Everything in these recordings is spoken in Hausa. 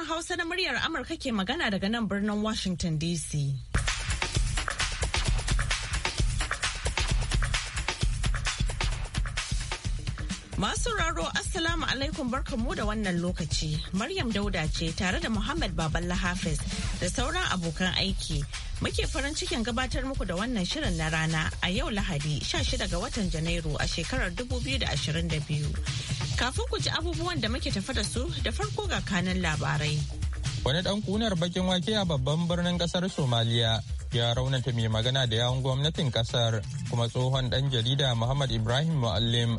Sashen Hausa na muryar Amurka ke magana daga nan birnin Washington DC. Masu raro Assalamu alaikum barkanmu da wannan lokaci. Maryam Dauda ce tare da Muhammad Baballa Hafiz da sauran abokan aiki. Muke farin cikin gabatar muku da wannan shirin na rana a yau Lahadi 16 ga watan Janairu a shekarar 2022. Kafin ku ci abubuwan da muke tafa da su da farko ga kanan labarai. Wani ɗan kunar bakin wake a babban birnin ƙasar Somaliya ya raunata mai magana da yawon gwamnatin ƙasar kuma tsohon ɗan jarida Muhammad Ibrahim Muallim.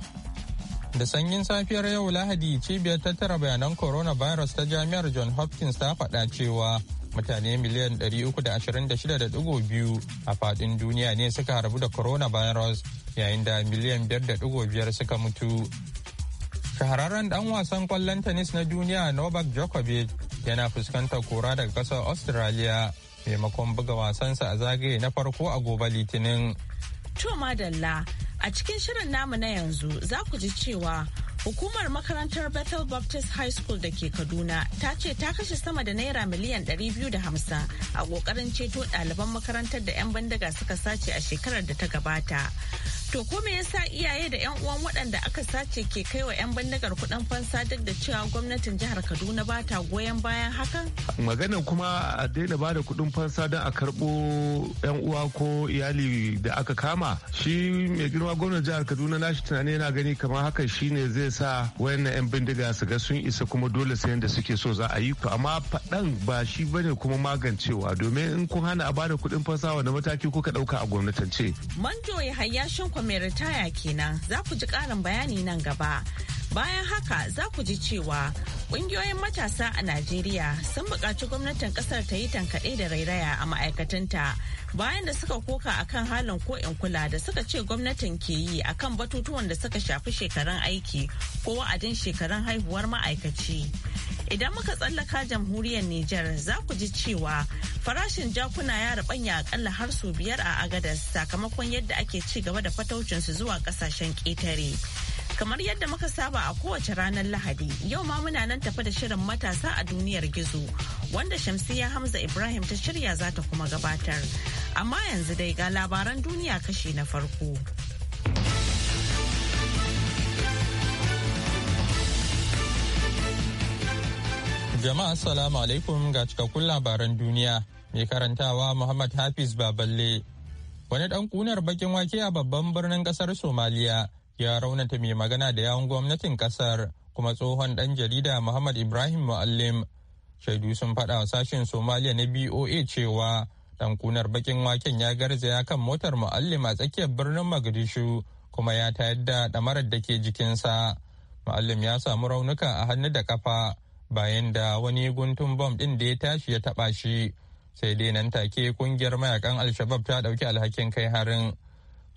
Da sanyin safiyar yau Lahadi cibiyar tattara bayanan coronavirus ta jami'ar John Hopkins ta faɗa cewa mutane miliyan 326.2 a faɗin duniya ne suka harbu da coronavirus yayin da miliyan 5.5 suka mutu. shahararren dan wasan kwallon tennis na duniya novak djokovic yana fuskantar kura daga kasar australia maimakon buga wasansa a zagaye na farko a gobe litinin to madalla A cikin shirin namu na yanzu za ku ji cewa hukumar makarantar Bethel Baptist High School da ke Kaduna ta ce ta kashe sama da naira miliyan 250 a kokarin ceto ɗaliban makarantar da 'yan bandaga suka sace a shekarar da ta gabata. To ko me yasa iyaye da 'yan uwan waɗanda aka sace ke kai wa 'yan bandagar kuɗin fansa duk da cewa gwamnatin jihar Kaduna ba ta goyon bayan hakan? magana kuma a daina ba da kuɗin fansa don a karbo 'yan uwa ko iyali da aka kama shi mai girma ma gwamnan jihar kaduna nashi tunani yana gani kamar haka shi ne zai sa wayannan 'yan bindiga su ga sun isa kuma dole sayan da suke so za a yi to amma faɗan ba shi bane kuma magancewa domin in kun hana a bada kuɗin fasawa na mataki kuka ɗauka a gwamnatance. manjo ya hayashin ritaya kenan za ku ji ƙarin bayani nan gaba Bayan haka za ku ji cewa ƙungiyoyin matasa a Najeriya sun buƙaci gwamnatin ƙasar ta yi tankaɗe da rairaya a ma'aikatanta bayan da suka koka akan halin ko in kula da suka ce gwamnatin ke yi a kan batutuwan da suka shafi shekarun aiki ko wa'adin shekarun haihuwar ma'aikaci. Idan muka tsallaka jamhuriyar Nijar za ku ji cewa farashin jakuna ya rabanya akalla har su biyar a agadas sakamakon yadda ake ci gaba da fataucinsu zuwa ƙasashen ƙetare. Kamar yadda muka saba a kowace ranar Lahadi, yau ma muna nan tafi da shirin matasa a duniyar gizo, wanda shamsiyya Hamza Ibrahim ta shirya za ta kuma gabatar. Amma yanzu dai ga labaran duniya kashi na farko. Jama'a salamu alaikum ga cikakkun labaran duniya mai karantawa Muhammad Hafiz Baballe. Wani ɗan kunar bakin wake a babban birnin ƙasar Somaliya ya raunata mai magana da yawun gwamnatin kasar kuma tsohon dan jarida Muhammad Ibrahim Muallim. Shaidu sun faɗa wa sashen Somaliya na BOA cewa dan kunar bakin waken ya garzaya kan motar Muallim a tsakiyar birnin Magadishu kuma ya tayar da ɗamarar da ke jikinsa. Muallim ya samu raunuka a hannu da kafa bayan da wani guntun bom ɗin da ya tashi ya taɓa shi. Sai dai nan take kungiyar mayakan Alshabab ta ɗauki alhakin kai harin.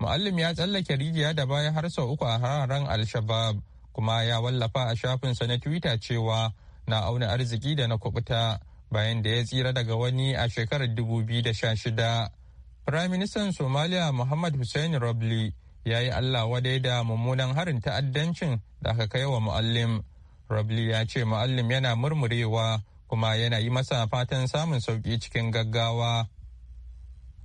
Muallim ya tsallake rijiya da baya har sau uku a hararen al Shabaab, kuma ya wallafa a shafinsa na Twitter cewa na auna arziki da na kubuta bayan da ya tsira daga wani a shekarar 2016. Firayim Ministan Somalia Muhammad Hussein Robli ya yi Allah wadai da mummunan harin ta'addancin da aka kai wa Muallim. Robli ya ce Muallim yana murmurewa kuma yana yi masa fatan samun sauki cikin gaggawa.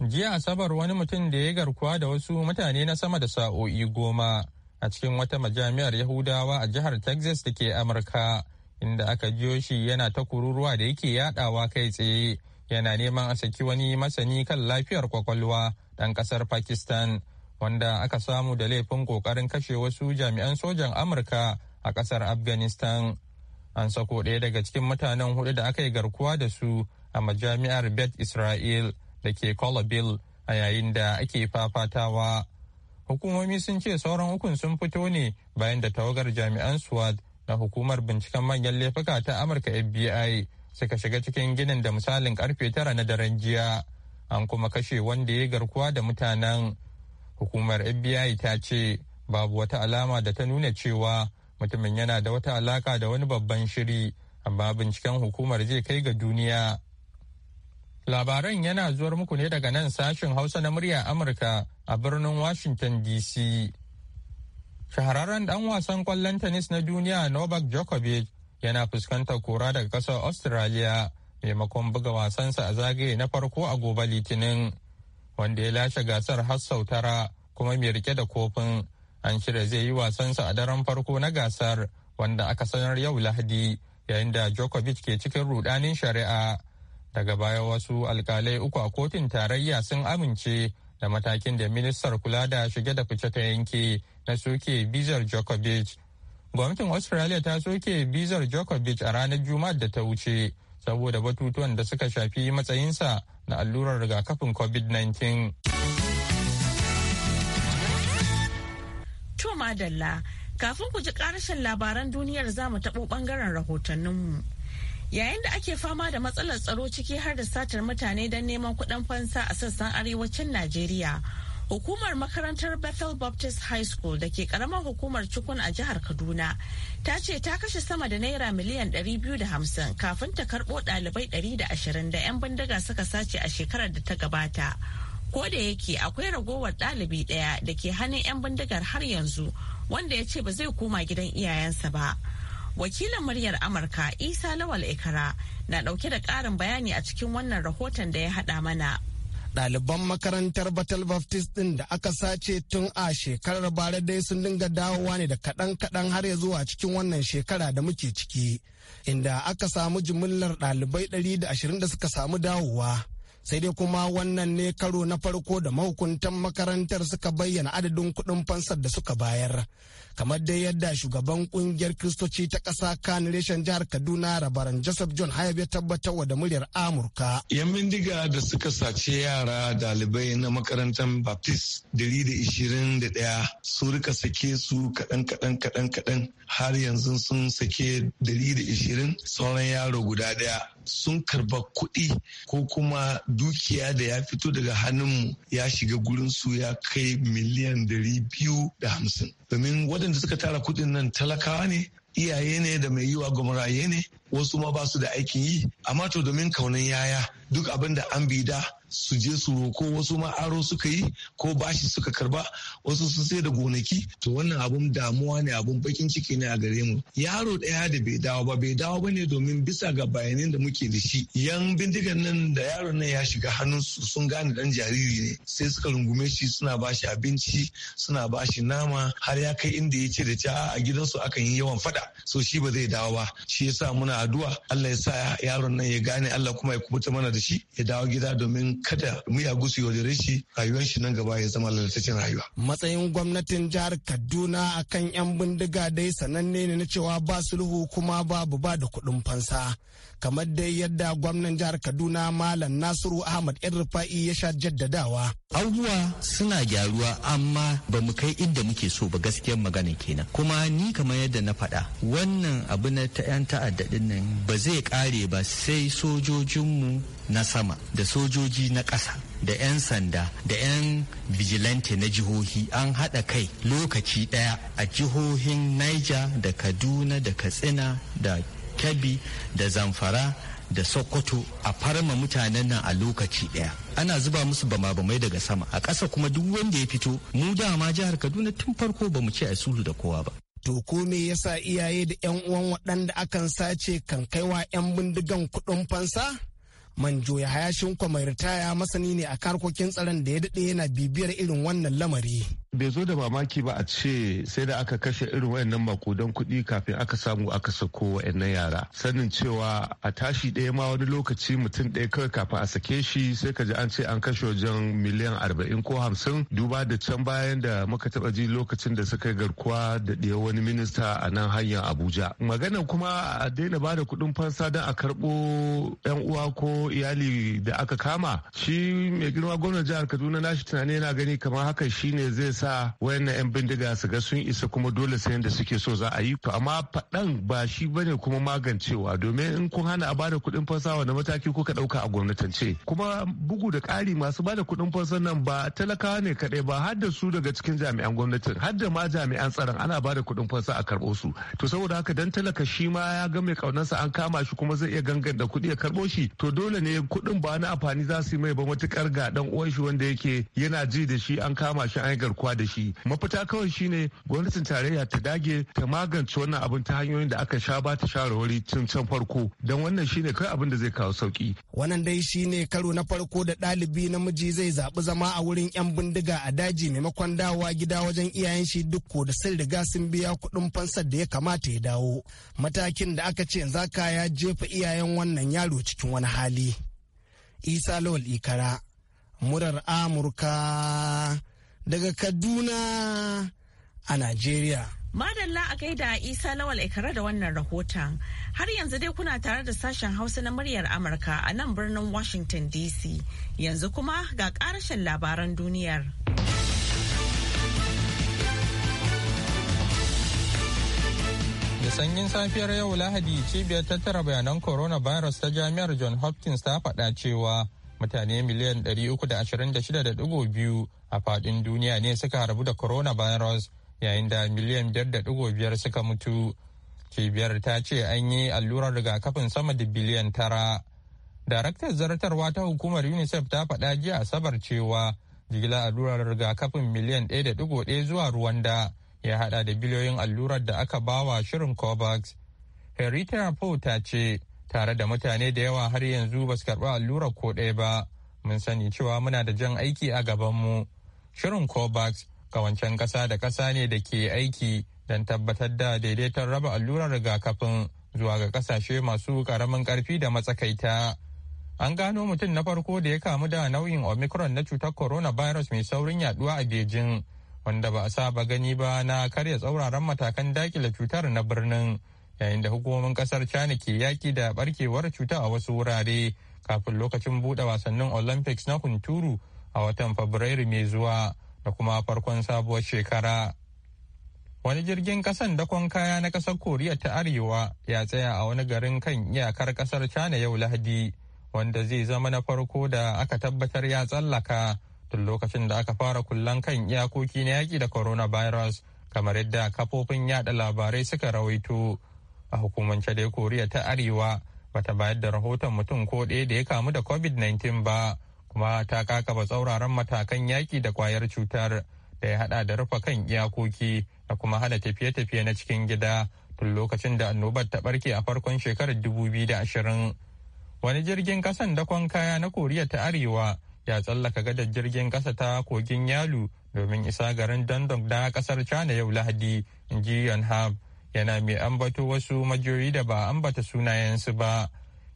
Jiya Asabar wani mutum da ya garkuwa da wasu mutane na sama da sa'o'i goma a cikin wata majami'ar Yahudawa a jihar Texas da ke Amurka, inda aka jiyo shi yana ta kururuwa da yake yadawa kai tsaye. Yana neman a saki wani masani kan lafiyar kwakwalwa ɗan ƙasar Pakistan, wanda aka samu da laifin ƙoƙarin kashe wasu jami'an sojan Amurka a ƙasar Afghanistan. An sako ɗaya daga cikin mutanen hudu da aka yi garkuwa da su a majami'ar Bet Israel. da ke bill a yayin da ake fafatawa. Hukumomi sun ce sauran ukun sun fito ne bayan da tawagar jami'an SWAT na hukumar binciken manyan laifuka ta Amurka FBI suka shiga cikin ginin da misalin karfe tara na daren jiya. An kuma kashe wanda ya garkuwa da mutanen. Hukumar FBI ta ce babu wata alama da ta nuna cewa mutumin yana da wata alaka da wani babban shiri amma binciken hukumar zai kai ga duniya. Labaran yana zuwar muku ne daga nan sashen Hausa na murya Amurka a birnin Washington DC. Shahararren ɗan wasan ƙwallon tennis na duniya Novak Djokovic yana fuskantar kura daga ƙasar Australia maimakon buga wasansa a zagaye na farko a gobe Litinin, wanda ya lashe gasar har sau tara kuma mai rike da kofin. An shirya zai yi wasansa a daren farko na gasar wanda aka sanar yau Lahadi yayin da Djokovic ke cikin rudanin shari'a. daga baya wasu alkalai uku a kotun tarayya sun amince da matakin da ministar kula da shige da fice ta yanke na soke bizar jokovic Gwamnatin Australia ta soke bizar jokovic a ranar Juma'ar da ta wuce saboda batutuwan da suka shafi matsayinsa na allurar rigakafin COVID-19. To madalla, kafin ku ji ƙarashin labaran duniyar za mu taɓo ɓangaren rahotanninmu. Yayin da ake fama da matsalar tsaro ciki har da satar mutane don neman kuɗin fansa a sassan arewacin Najeriya. Hukumar makarantar Bethel Baptist High School da ke karamar hukumar Cukun a jihar Kaduna ta ce ta kashe sama da naira miliyan 250 kafin ta karɓo ɗalibai 120 da 'yan bindiga suka sace a shekarar da ta gabata. Ko da yake akwai ragowar ɗalibi ɗaya da ke hannun 'yan bindigar har yanzu wanda ya ce ba zai koma gidan iyayensa ba. wakilin muryar amurka isa lawal ikara na dauke da karin bayani a cikin wannan rahoton da ya hada mana ɗaliban makarantar Battle Baptist din da aka sace tun a shekarar bara dai sun dinga dawowa ne da kaɗan-kaɗan har ya zuwa cikin wannan shekara da muke ciki, inda aka samu jimillar ɗalibai 120 da suka samu dawowa. sai dai kuma wannan ne karo na farko da mahukuntan makarantar suka bayyana adadin kuɗin fansar da suka bayar kamar dai yadda shugaban kungiyar kristoci ta ƙasa kan reshen jihar kaduna rabaran joseph john hayab ya tabbatar wa da muryar amurka yan bindiga da suka sace yara dalibai na makarantar baptist dari da ishirin da ɗaya su rika sake su kaɗan kaɗan kaɗan kaɗan har yanzu sun sake dari da ishirin sauran yaro guda ɗaya sun karba kuɗi ko kuma dukiya da ya fito daga hannunmu ya shiga gurin su ya kai miliyan dari biyu da hamsin domin waɗanda suka tara kuɗin nan talakawa ne iyaye ne da mai yiwa gwamnati ne wasu ma ba su da aikin yi amma to domin kaunan yaya duk abin da an bida su je su roko wasu ma aro suka yi ko bashi suka karba wasu su sai da gonaki to wannan abun damuwa ne abun bakin ciki ne a gare mu yaro daya da bai dawo ba bai dawo ba ne domin bisa ga bayanan da muke da shi yan bindigan nan da yaron nan ya shiga hannun su sun gane dan jariri ne sai suka rungume shi suna bashi abinci suna bashi nama har ya kai inda ya ce da ta a gidansu akan yi yawan fada so shi ba zai dawo ba shi yasa muna addu'a Allah ya sa yaron nan ya gane Allah kuma ya kubuta mana da shi ya dawo gida domin kada mu ya gusu yaudare shi rayuwar shi nan gaba ya zama lalataccen rayuwa. Matsayin gwamnatin jihar Kaduna akan 'yan bindiga dai sananne ne na cewa ba sulhu kuma babu ba da kuɗin fansa. kamar dai yadda gwamnan jihar kaduna malam nasiru ahmad yan rufa'i ya sha jaddadawa abubuwa suna gyaruwa amma ba mu kai inda muke so ba gaskiyar magana kenan kuma ni kamar yadda na faɗa wannan abu na ta yan ta'adda nan ba zai kare ba sai sojojinmu na sama da sojoji na ƙasa da 'yan sanda da 'yan vigilante na jihohi an haɗa kai lokaci ɗaya a jihohin niger da kaduna da katsina da kebbi da zamfara da sokoto a farma mutanen nan a lokaci daya ana zuba musu bama-bamai daga sama a ƙasa kuma duk wanda ya fito mu dama jihar kaduna tun farko ba mu ce a sulhu da kowa ba To ko me yasa iyaye da 'yan uwan waɗanda akan sace kan kai wa 'yan bindigan kuɗin fansa? Manjo ya hayashin mai ritaya masani ne a karkokin tsaron da ya daɗe yana bibiyar irin wannan lamari. bai zo da mamaki ba a ce sai da aka kashe irin wayannan makudan kuɗi kafin aka samu aka sako wayannan yara sanin cewa a tashi ɗaya ma wani lokaci mutum ɗaya kawai kafin a sake shi sai ka ji an ce an kashe wajen miliyan arba'in ko hamsin duba da can bayan da muka taba ji lokacin da suka garkuwa da ɗaya wani minista a nan hanyar abuja maganan kuma a daina ba da kuɗin fansa don a karɓo 'yan uwa ko iyali da aka kama shi mai girma gwamnan jihar kaduna na shi tunani yana gani kamar haka shine zai sa wayannan 'yan bindiga su ga sun isa kuma dole sai yadda suke so za a yi to amma faɗan ba shi bane kuma magancewa domin in kun hana a bada kuɗin fansa wani mataki kuka ɗauka a gwamnatance kuma bugu da ƙari masu bada kuɗin fansa nan ba talakawa ne kaɗai ba har da su daga cikin jami'an gwamnatin har da ma jami'an tsaron ana bada kuɗin fansa a karɓo su to saboda haka dan talaka shi ma ya ga mai ƙaunarsa an kama shi kuma zai iya gangan da kuɗi ya karɓo shi to dole ne kuɗin ba na amfani za su yi mai ba matukar ga ɗan uwan shi wanda yake yana ji da shi an kama shi an yi garkuwa kokowa da shi mafita kawai shine gwamnatin tarayya ta dage ta magance wannan abin ta hanyoyin da aka sha ba ta shawarwari tun can farko don wannan shine kai abin da zai kawo sauki wannan dai shine karo na farko da ɗalibi namiji zai zaɓi zama a wurin 'yan bindiga a daji maimakon dawowa gida wajen iyayen shi duk ko da sun riga sun biya kuɗin fansar da ya kamata ya dawo matakin da aka ce zaka ya jefa iyayen wannan yaro cikin wani hali isa lawal ikara murar amurka daga Kaduna a Najeriya. Madalla a gaida Isa Lawal Ikara da wannan rahoton. Har yanzu dai kuna tare da sashen Hausa na muryar Amurka a nan birnin Washington DC. Yanzu kuma ga ƙarashin labaran duniyar. Da sanyin safiyar yau Lahadi cibiyar tattara bayanan coronavirus ta jami'ar John Hopkins ta faɗa cewa mutane miliyan 326.2 a faɗin duniya ne suka harbu da coronavirus yayin da miliyan biyar da digo biyar suka mutu cibiyar ta ce an yi allurar rigakafin sama da biliyan tara daraktar zartarwa ta hukumar unicef ta faɗa jiya asabar cewa jigilar allurar rigakafin miliyan ɗaya da digo ɗaya zuwa ruwanda ya haɗa da biliyoyin allurar da aka bawa shirin covax herita po ta ce tare da mutane da yawa har yanzu ba su karɓi allurar ko ɗaya ba mun sani cewa muna da jan aiki a gabanmu Shirin COVAX kawancen ƙasa da ƙasa ne da ke aiki don tabbatar da daidaiton raba allurar rigakafin zuwa ga ƙasashe masu karamin ƙarfi da matsakaita. An gano mutum na farko da ya kamu da nau'in Omicron na cutar coronavirus mai saurin yaduwa a Beijing, wanda ba a saba gani ba na karya tsauraran matakan dakila cutar na birnin, yayin da hukumomin ƙasar China ke yaƙi da barkewar cuta a wasu wurare kafin lokacin buɗe wasannin Olympics na hunturu a watan Fabrairu mai zuwa da kuma farkon sabuwar shekara. Wani jirgin kasan dakon kaya na kasar Koriya ta Arewa ya tsaya a wani garin kan iyakar kasar China yau Lahadi, wanda zai zama na farko da aka tabbatar ya tsallaka tun lokacin da aka fara kullan kan iyakoki na yaƙi da coronavirus kamar yadda kafofin yada labarai suka rawaito. A hukumance dai Koriya ta Arewa bata bayar da rahoton mutum ko ɗaya da ya kamu da COVID-19 ba. kuma ta kakaba tsauraran matakan yaki da kwayar cutar da ya hada da rufe kan iyakoki da kuma hana tafiye-tafiye na cikin gida tun lokacin da annobar ta barke a farkon shekarar 2020. Wani jirgin kasan dakon kaya na Koriya ta Arewa ya tsallaka gadar jirgin kasa ta kogin Yalu domin isa garin Dandong da kasar China yau Lahadi, in ji Yonhap. yana mai ambato wasu majiyoyi da ba ambata sunayensu ba.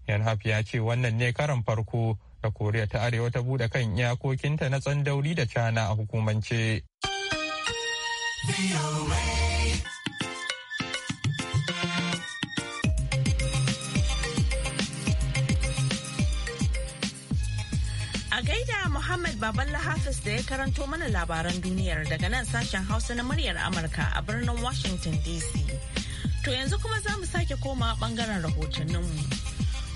Yanhaf ya ce wannan ne karan farko ta koriya ta arewa ta bude kan iyakokinta na tsandauri da cana a hukumance A gaida Muhammad Baballa Hafiz da ya karanto mana labaran duniyar daga nan sashen Hausa na muryar Amurka a birnin Washington DC. To yanzu kuma za mu sake koma bangaren rahotanninmu.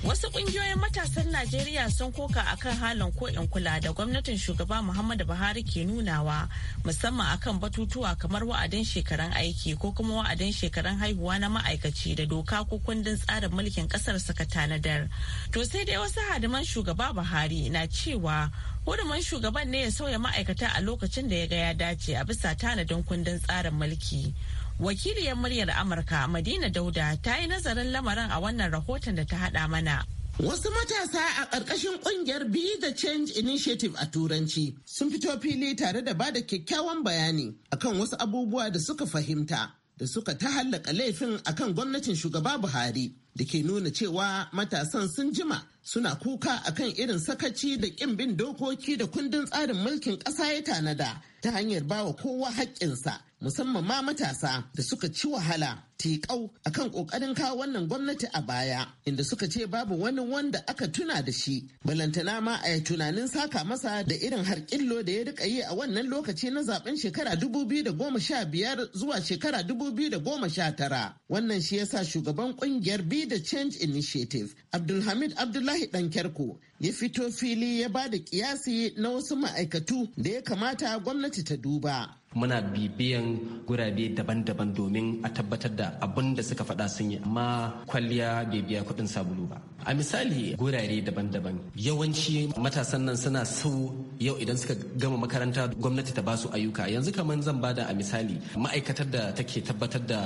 Wasu ƙungiyoyin matasan Najeriya sun koka a kan halin ko'in kula da gwamnatin shugaba Muhammadu Buhari ke nunawa musamman akan batutuwa kamar wa'adin shekaran aiki ko kuma wa'adin shekaran haihuwa na ma'aikaci da doka ko kundin tsarin mulkin ƙasar suka tanadar. To sai dai wasu hadiman shugaba Buhari na cewa hudumin shugaban ne ya sauya ma'aikata a lokacin da ya ga ya dace a bisa tanadin kundin tsarin mulki. wakiliyar muryar amurka madina dauda ta yi nazarin lamarin a wannan rahoton da ta hada mana Wasu matasa a ƙarƙashin ƙungiyar Be the Change Initiative a Turanci sun fito fili tare da bada kyakkyawan bayani akan wasu abubuwa da suka fahimta da suka ta hallaka laifin akan gwamnatin shugaba Buhari da ke nuna cewa matasan sun jima suna kuka akan irin sakaci da ƙin bin dokoki da kundin tsarin mulkin ƙasa ya tanada ta hanyar bawa kowa haƙƙinsa musamman ma matasa da suka ci wahala tiƙau akan ƙoƙarin kawo wannan gwamnati a baya inda suka ce babu wani wanda aka tuna da shi balantana ma a yi tunanin saka masa da irin harƙillo da ya rika yi a wannan lokaci na zaben shekara biyar zuwa shekara tara. wannan shi yasa shugaban ƙungiyar be the change initiative abdulhamid abdullahi dankerko ya fito fili ya ba da ƙiyasi na wasu ma'aikatu da ya kamata gwamnati ta duba muna bibiyan gurabe daban-daban domin a tabbatar da abin da suka faɗa sun yi amma kwalliya bai biya kuɗin sabulu ba a misali gurare daban-daban yawanci matasan nan suna sau yau idan suka gama makaranta gwamnati ta basu ayyuka yanzu kamar zan bada a misali ma'aikatar da take tabbatar da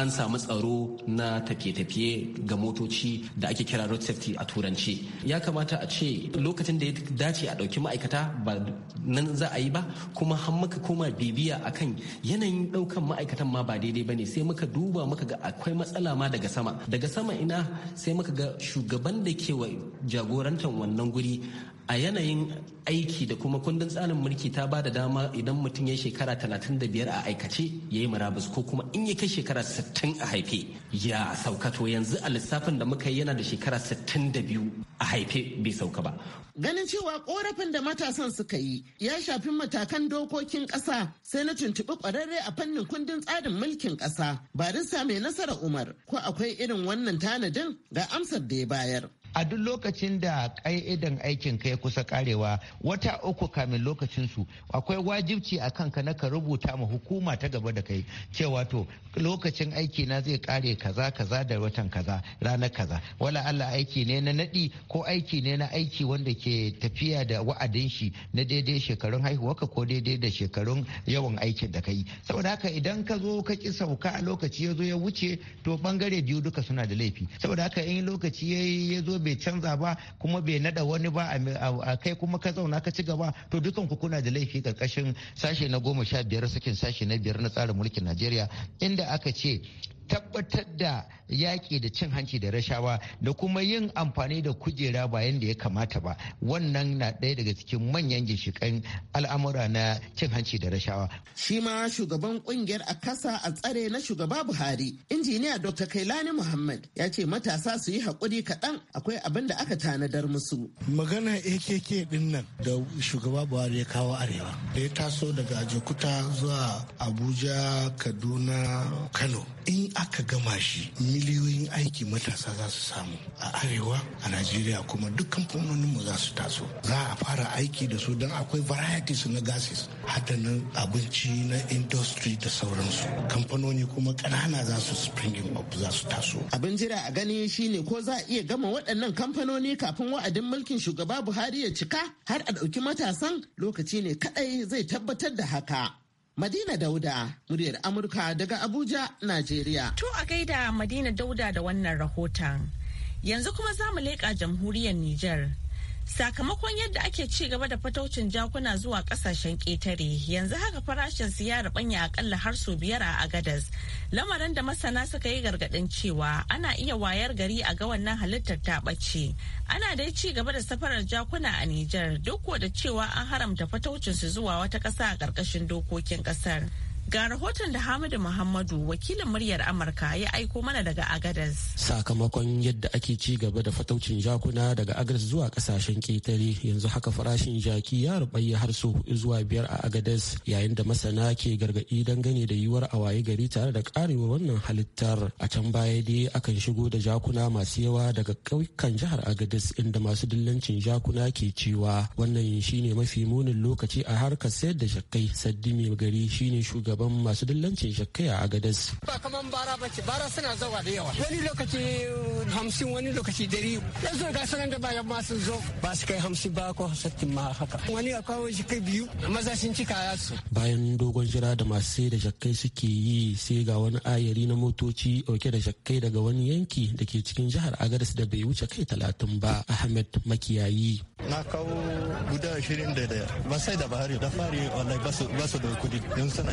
an samu tsaro na tafiye-tafiye ga motoci da ake kira road safety a turanci ya kamata a ce lokacin da ya dace a ɗauki ma'aikata ba nan za a yi ba kuma har muka koma bibiya hujja akan yanayin ɗaukan ma'aikatan ma ba daidai bane sai muka duba muka ga akwai matsala ma daga sama daga sama ina sai muka ga shugaban da ke wa jagorantar wannan guri a yanayin aiki da kuma kundin tsarin mulki ta ba da dama idan mutum ya shekara 35 a aikace ya yi murabus ko kuma in ya kai shekara 60 a haife ya sauka to yanzu a lissafin da muka yi yana da shekara 62 a haife bai sauka ba ganin cewa korafin da matasan suka yi ya shafi matakan dokokin ƙasa sai na tuntuɓi ƙwararre a fannin kundin tsarin mulkin ƙasa barista mai nasara umar ko akwai irin wannan tanadin ga amsar da ya bayar a duk lokacin da ƙa'idan aikin ka ya kusa karewa wata uku kamin lokacin su akwai wajibci a kanka na ka rubuta ma hukuma ta gaba da kai cewa to lokacin aiki na zai kare kaza kaza da watan kaza ranar kaza wala Allah aiki ne na nadi ko aiki ne na aiki wanda ke tafiya da wa'adin shi na daidai shekarun haihuwa ka ko daidai da shekarun yawan aikin da kai saboda haka idan ka zo ka ki sauka a lokaci ya zo ya wuce to bangare biyu duka suna da laifi saboda haka in lokaci ya zo bai canza ba kuma bai nada wani ba a kai kuma ka zauna ka ci gaba to dukan ku kuna da laifi karkashin sashe na goma sha biyar sakin sashe na biyar na tsarin mulkin najeriya inda aka ce tabbatar da yaƙi da cin hanci da rashawa da kuma yin amfani da kujera bayan da ya kamata ba wannan na ɗaya daga cikin manyan ginshikan al'amura na cin hanci da rashawa. Shi ma shugaban ƙungiyar a kasa a tsare na shugaba Buhari, injiniya Dr. Kailani Muhammad ya ce matasa su yi haƙuri kaɗan akwai abin da aka tanadar musu. Magana AKK ɗin nan da shugaba Buhari ya kawo arewa. Da ya taso daga jakuta zuwa Abuja, Kaduna, Kano. In aka gama shi, miliyoyin aiki matasa za su samu a arewa a najeriya kuma duk kamfanonin mu za su taso za a fara aiki da su don akwai varieties na gases hada abinci na industry da sauransu kamfanoni kuma kanana za su springing up za su taso abin jira a gani shine ko za a iya gama waɗannan kamfanoni kafin wa'adin mulkin shugaba buhari ya cika har a ɗauki matasan lokaci ne kaɗai zai tabbatar da haka Madina Dauda, muryar Amurka daga Abuja, Najeriya. To a gaida Madina Dauda da wannan rahoton. Yanzu kuma za mu leƙa jamhuriyar Nijar, Sakamakon yadda ake ci gaba da fataucin jakuna zuwa kasashen ƙetare yanzu haka farashin su ya rubanya akalla har sau biyar a Agadas. Lamarin da masana suka yi gargadin cewa ana iya wayar gari a ga wannan halittar ta ɓace. Ana dai ci gaba da safarar jakuna a Nijar duk da cewa an haramta fataucin su zuwa wata ƙasa a ƙarƙashin dokokin ƙasar. Ga rahoton da Hamadu Muhammadu wakilin muryar Amurka ya aiko mana daga Agadez. Sakamakon yadda ake ci gaba da fataucin jakuna daga Agadez zuwa kasashen ketare yanzu haka farashin jaki ya rubaye har so zuwa biyar a Agadez yayin da masana ke gargaɗi dangane da yiwuwar a waye gari tare da karewa wannan halittar. A can baya dai akan shigo da jakuna masu yawa daga ƙauyukan jihar Agadez inda masu dillancin jakuna ke cewa wannan shine mafi munin lokaci a harkar sayar da shakkai Saddi mai gari shine shugaban shugaban masu dillancin shakkaya a Agadas. Ba kaman bara ba ce, bara suna zawa da yawa. Wani lokaci eh, hamsin wani lokaci dari. Yanzu ga sanar da bayan ma zo ba su kai hamsin ba ko hasattin ma haka. Wani a kawo kai biyu maza sun ci kaya su. Bayan dogon jira da masu sai da shakkai suke yi sai ga wani ayari na motoci dauke da shakkai daga wani yanki da ke cikin jihar Agadas da bai wuce kai talatin ba Ahmed Makiyayi. Na kawo guda ashirin da daya. Ba sai da bahari da fari wallahi ba su da kudi. don suna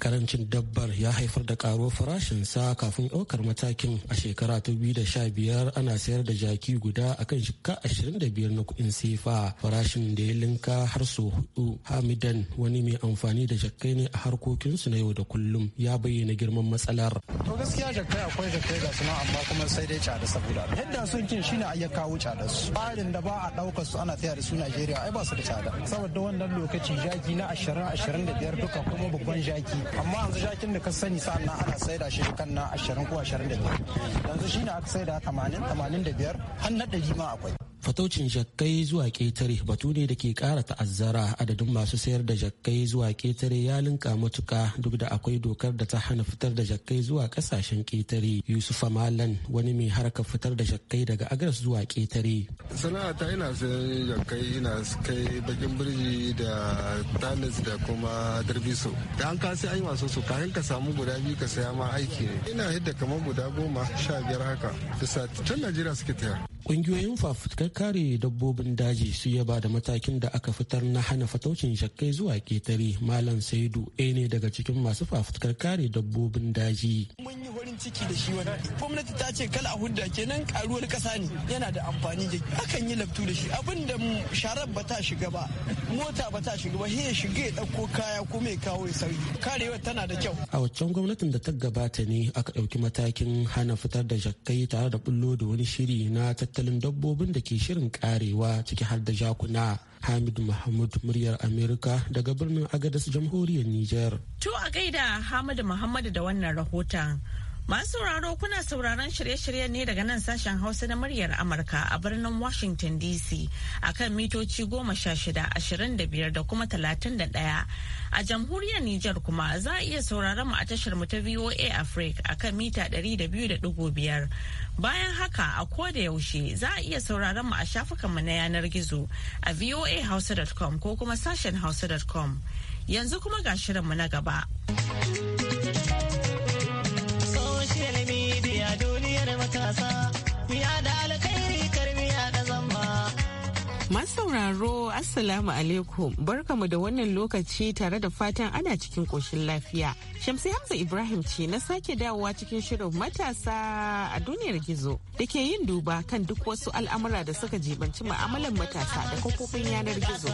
karancin dabbar ya haifar da karuwar sa kafin ɗaukar matakin a shekara ta biyu da sha biyar ana sayar da jaki guda a kan shika ashirin da biyar na kuɗin sefa farashin da ya linka har so hudu hamidan wani mai amfani da jakkai ne a harkokinsu na yau da kullum ya bayyana girman matsalar. to gaskiya jakai akwai jakai ga suna amma kuma sai dai cada saboda yadda sun kin shine ai ya kawo cada da ba a ɗaukar su ana tsaya da su najeriya ai ba su da cada saboda wannan lokaci jaki na ashirin ashirin da biyar duka kuma babban jaki amma yanzu jakin da ka sani sa'an nan ana saida shi kan na ashirin ko ashirin da biyar yanzu shine aka saida tamanin tamanin da biyar har na ɗari ma akwai Fatocin jakkai zuwa ƙetare batu ne da ke ƙara ta'azzara adadin masu sayar da jakkai zuwa ƙetare ya linka matuka duk da akwai dokar da ta hana fitar da jakkai zuwa ƙasashen ƙetare. Yusufa Malan wani mai harkar fitar da jakkai daga Agras zuwa ƙetare. Sana'a ta ina sayan jakkai ina kai bakin birji da talis da kuma darbiso. Da an kasi an yi masu su kayan ka samu guda biyu ka saya ma aiki ne. Ina yadda kamar guda goma sha biyar haka. sati tun Najeriya suke tayar. Ƙungiyoyin fafutukar kare dabbobin daji su yaba da matakin da aka fitar na hana fataucin shakkai zuwa ketare malam saidu a ne daga cikin masu fafutukar kare dabbobin daji mun yi horin ciki da shi wani gwamnati ta ce kala a hudda kenan karuwar kasa ne yana da amfani da akan yi laftu da shi abin da sharar ba ta shiga ba mota ba ta shiga ba ya shiga ya ɗauko kaya ko mai kawo ya sauki karewa tana da kyau a waccan gwamnatin da ta gabata ne aka ɗauki matakin hana fitar da shakkai tare da bullo da wani shiri na tattalin dabbobin da ke shirin karewa ciki har da jakuna Hamid muhammad muryar Amerika daga birnin Agadas jamhuriyar Nijar. To a gaida hamadu Muhammad da wannan rahoton. Masu sauraro kuna sauraron shirye-shiryen ne daga nan sashen Hausa na muryar Amurka a birnin Washington DC kan mitoci goma sha shida ashirin da biyar da kuma talatin da ɗaya. A jamhuriyar Nijar kuma za a iya sauraron mu a tashar mu ta VOA Africa a kan mita ɗari da biyu da ɗigo biyar. Bayan haka a koda yaushe za a iya sauraron mu a shafukan mu na yanar gizo a voahausa.com ko kuma sashen hausa.com. Yanzu kuma ga shirinmu na gaba. sauraro Assalamu alaikum barkamu da wannan lokaci tare da fatan ana cikin koshin lafiya. Shamsi Hamza Ibrahim ce na sake dawowa cikin shirin matasa a duniyar gizo da ke yin duba kan duk wasu al'amura da suka jibanci ma'amalan matasa da kafofin yanar gizo.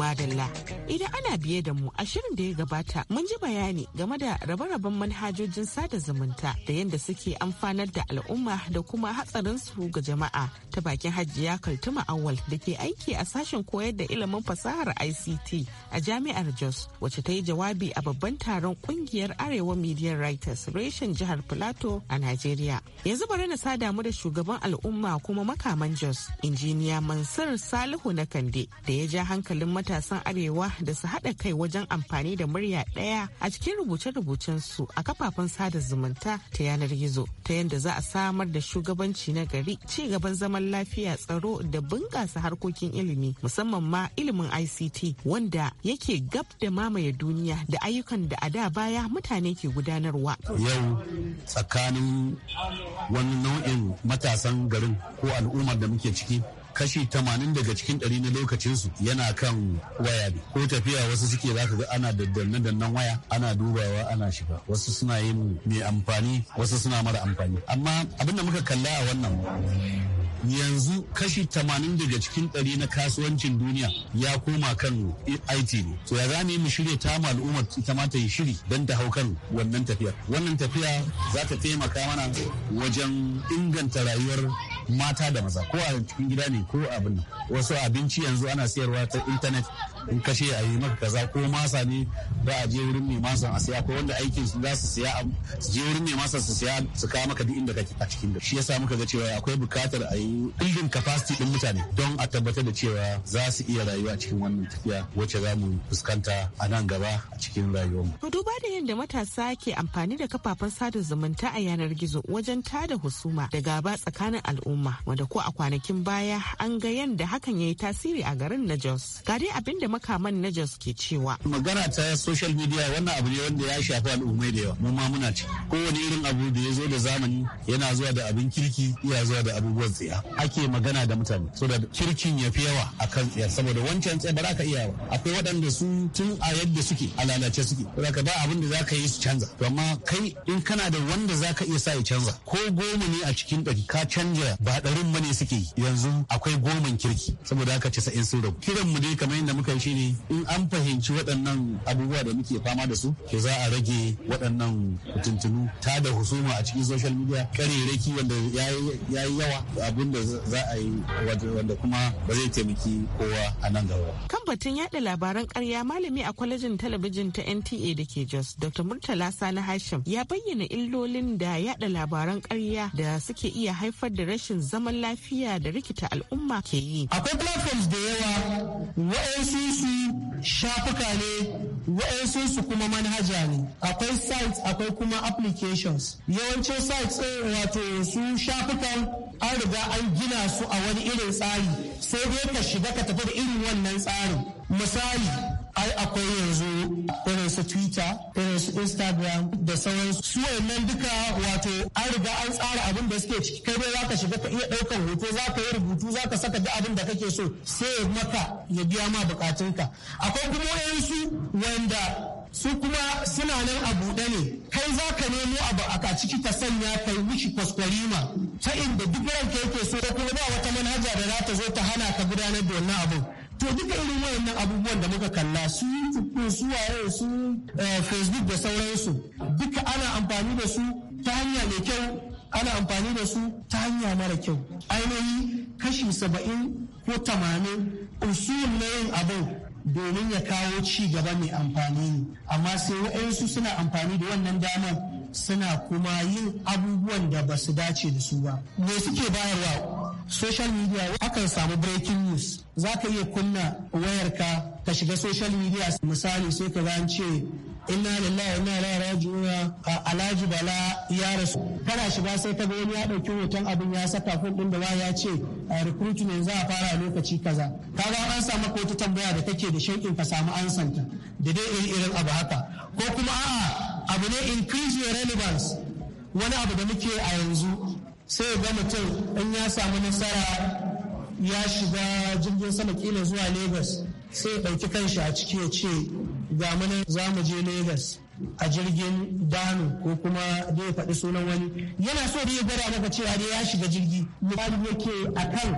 madalla. Idan ana biye da mu a shirin da ya gabata mun ji bayani game da rabe-raben manhajojin sada zumunta da yadda suke amfanar da al'umma da kuma hatsarin su ga jama'a ta bakin hajjiya kaltuma awal da ke aiki a sashen koyar da ilimin fasahar ICT a jami'ar Jos wacce ta yi jawabi a babban taron kungiyar Arewa Media Writers reshen jihar Plateau a Najeriya. Yanzu bari na sada mu da shugaban al'umma kuma makaman Jos injiniya Mansur Salihu na Kande da ya ja hankalin mata matasan arewa da su haɗa kai wajen amfani da murya ɗaya a cikin rubuce rubucen su a kafafen sada zumunta ta yanar gizo ta yadda za a samar da shugabanci na gari ci gaban zaman lafiya tsaro da bunƙasa harkokin ilimi musamman ma ilimin ict wanda yake gab da mamaye duniya da ayyukan da a da baya mutane ke gudanarwa yau tsakanin wani nau'in matasan garin ko al'ummar da muke ciki kashi tamanin daga cikin ɗari na lokacinsu yana kan waya ne ko tafiya wasu suke ka ga ana daddanne dannan waya ana dubawa ana shiga wasu suna yin mai amfani wasu suna mara amfani amma abin da muka kalla a wannan yanzu kashi tamanin daga cikin ɗari na kasuwancin duniya ya koma kan IT ne. To ya zame mu shirya ta ma al'ummar ita ma ta yi shiri don ta hau kan wannan tafiyar. Wannan tafiya za ta taimaka mana wajen inganta rayuwar mata da maza ko a cikin gida ne ko abin wasu abinci yanzu ana sayarwa ta intanet in kashe a yi maka kaza ko masa ne za a je wurin masa a siya ko wanda aikin su za su siya su je wurin masa su siya su kawo maka duk inda kake a cikin da shi yasa muka ga cewa akwai bukatar a yi building capacity din mutane don a tabbatar da cewa za su iya rayuwa cikin wannan tafiya wacce za mu fuskanta a nan gaba a cikin rayuwarmu. To duba da yadda matasa ke amfani da kafafen sada zumunta a yanar gizo wajen tada husuma da gaba tsakanin al'umma wanda ko a kwanakin baya an ga yanda hakan ya yi tasiri a garin na Jos. Ga dai abin da makaman na ke cewa. Magana ta social media wannan abu ne wanda ya shafi al'umma da yawa mu ma muna ci. Kowane irin abu da ya zo da zamani yana zuwa da abin kirki iya zuwa da abubuwan tsiya. Ake magana da mutane so da kirkin ya fi yawa a kan tsiya saboda wancan tsiya ba za ka iya Akwai waɗanda su tun a yadda suke a lalace suke. ka ba abin da za ka yi su canza. To amma kai in kana da wanda za ka iya sa ya canza ko goma ne a cikin ɗari ka canja ba ɗarin ba ne suke yanzu akwai goman kirki saboda haka ci sa'in sun rabu. Kiran mu dai kamar yadda muka ne in an fahimci waɗannan abubuwa da muke fama da su ke za a rage waɗannan tuntunu ta da husuma a cikin social media raki wanda ya yi yawa abin da za a yi wanda kuma ba zai taimaki kowa a nan gaba. Kan batun yaɗa labaran ƙarya malami a kwalejin talabijin ta NTA da ke Jos Dr. Murtala Sani Hashim ya bayyana illolin da yaɗa labaran ƙarya da suke iya haifar da rashin zaman lafiya da rikita al'umma ke yi. Akwai platforms da yawa wa'ansu su shafuka ne wa'ansu su kuma manhaja ne akwai sites akwai kuma applications yawancin sites wato su shafukan an riga an gina su a wani irin tsari sai dai ka shiga ka tafi da irin wannan tsarin misali ai akwai yanzu irin su twitter irin su instagram da sauran su nan duka wato an riga an tsara abin da suke ciki kai dai zaka shiga ka iya daukan hoto zaka yi rubutu zaka saka duk abin da kake so sai maka ya biya ma bukatunka akwai kuma wayansu wanda su kuma suna nan a buɗe ne kai za ka nemo abu a ciki ta sanya kai mishi kwaskwarima ta inda duk ranka yake so ko kuma ba wata manhaja da za ta zo ta hana ka gudanar da wannan abin to duka irin wayannan abubuwan da muka kalla su youtube su waye su eh, facebook da sauransu duka ana amfani da su ta hanya mai kyau ana amfani da su ta hanya mara kyau ainihi kashi saba'in ko tamanin usul na yin abin domin ya kawo ci gaba mai amfani ne amma sai waɗansu suna amfani da wannan damar suna kuma yin abubuwan da ba su dace da su ba me suke bayarwa social media akan samu breaking news za ka iya kunna wayarka ka shiga social media misali sai ka ga ce inna lillahi inna ilaihi raji'un alhaji bala ya rasu kana shiga sai ka ga wani ya dauki hoton abin ya saka kun din da ba ya ce recruitment za a fara a lokaci kaza kaga an samu ko ta tambaya da kake da shauƙin ka samu santa da dai irin abu haka ko kuma a'a abu ne increase your relevance wani abu da muke a yanzu sai ga mutum in ya samu nasara ya shiga jirgin sama kila zuwa lagos sai ɗauki kanshi a ciki ya ce ga mana za mu je lagos a jirgin danu ko kuma da ya faɗi sunan wani yana so da ya gwada maka cewa dai ya shiga jirgi misali yake a kan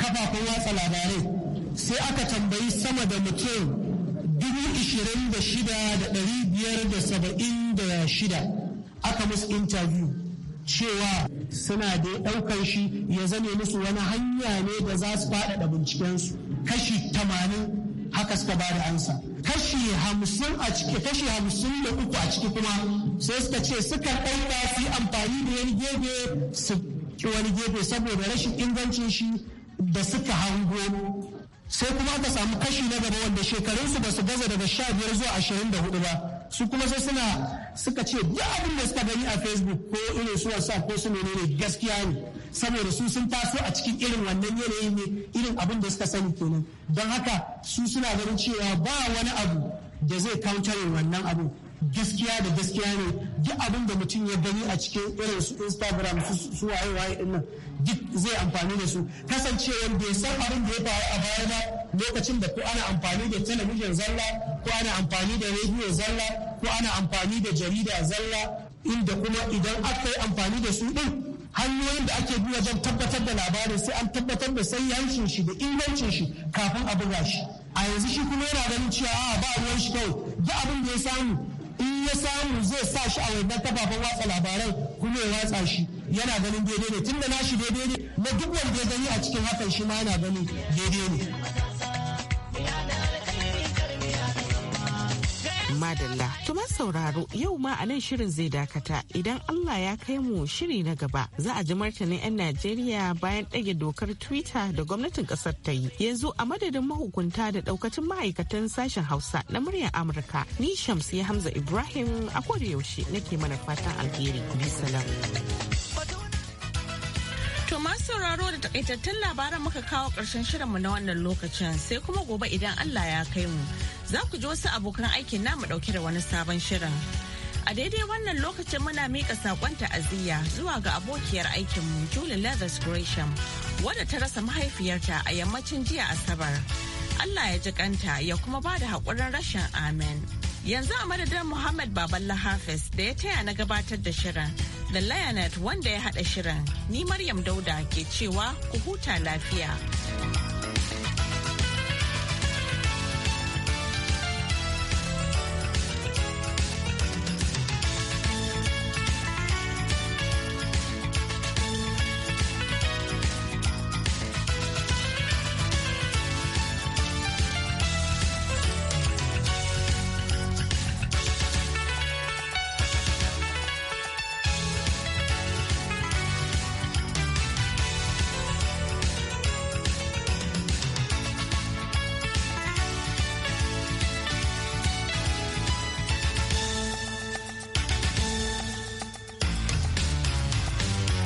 kafafen watsa labarai sai aka tambayi sama da mutum dubu ishirin da shida da ɗari biyar da saba'in da shida aka musu interview cewa suna da ɗaukar shi ya zame musu wani hanya ne da za su faɗaɗa bincikensu kashi tamanin haka suka ba da ansa kashi hamsin a ciki kashi hamsin da uku a ciki kuma sai suka ce suka ɗauka su amfani da wani gefe su wani gefe saboda rashin ingancin shi da suka hango sai kuma aka samu kashi na gaba wanda shekarunsu ba su gaza daga sha biyar zuwa ashirin da hudu ba su kuma sai suna suka ce duk abin da suka gani a facebook ko irin su wasa ko su ne gaskiya ne saboda su sun taso a cikin irin wannan yanayi ne irin abin da suka sani kenan don haka su suna ganin cewa ba wani abu da zai counterin wannan abu gaskiya da gaskiya ne duk abin da mutum ya gani a cikin irin su instagram su waye waye din nan duk zai amfani da su kasancewar bai san abin da ya faru a baya ba lokacin da ko ana amfani da talabijin zalla ko ana amfani da rediyo zalla ko ana amfani da jarida zalla inda kuma idan aka yi amfani da su din hanyoyin da ake bi wajen tabbatar da labarin sai an tabbatar da sayyancin shi da ingancin shi kafin a buga shi a yanzu shi kuma yana ganin cewa a ba ruwan shi kawai duk abin da ya samu in ya samu zai sa shi a wannan kafafen watsa labarai kuma ya watsa shi yana ganin daidai ne tunda shi daidai ne na duk wanda ya gani a cikin hakan shi ma yana ganin daidai ne madalla. Tuma sauraro yau ma a nan shirin zai dakata idan Allah ya kai mu shiri na gaba za a ji martanin 'yan Najeriya bayan ɗage dokar Twitter da gwamnatin ƙasar ta yi. Yanzu a madadin mahukunta da ɗaukacin ma'aikatan sashen Hausa na muryar Amurka ni ya Hamza Ibrahim a yaushe nake mana fatan alheri. Bisalam. To masu sauraro da takaitattun labaran muka kawo ƙarshen shirinmu na wannan lokacin sai kuma gobe idan Allah ya kai mu za ku ji wasu abokan aikin namu ɗauke da wani sabon shirin. A daidai wannan lokacin muna miƙa saƙon ta'aziyya zuwa ga abokiyar aikinmu Julie Leathers Gresham wadda ta rasa mahaifiyarta a yammacin jiya Asabar. Allah ya ji kanta ya kuma ba da haƙurin rashin amen. Yanzu a madadin Muhammad Baballa Hafiz da ya taya na gabatar da shirin. da Lionel wanda ya haɗa shirin. Ni Maryam Dauda ke cewa ku huta lafiya.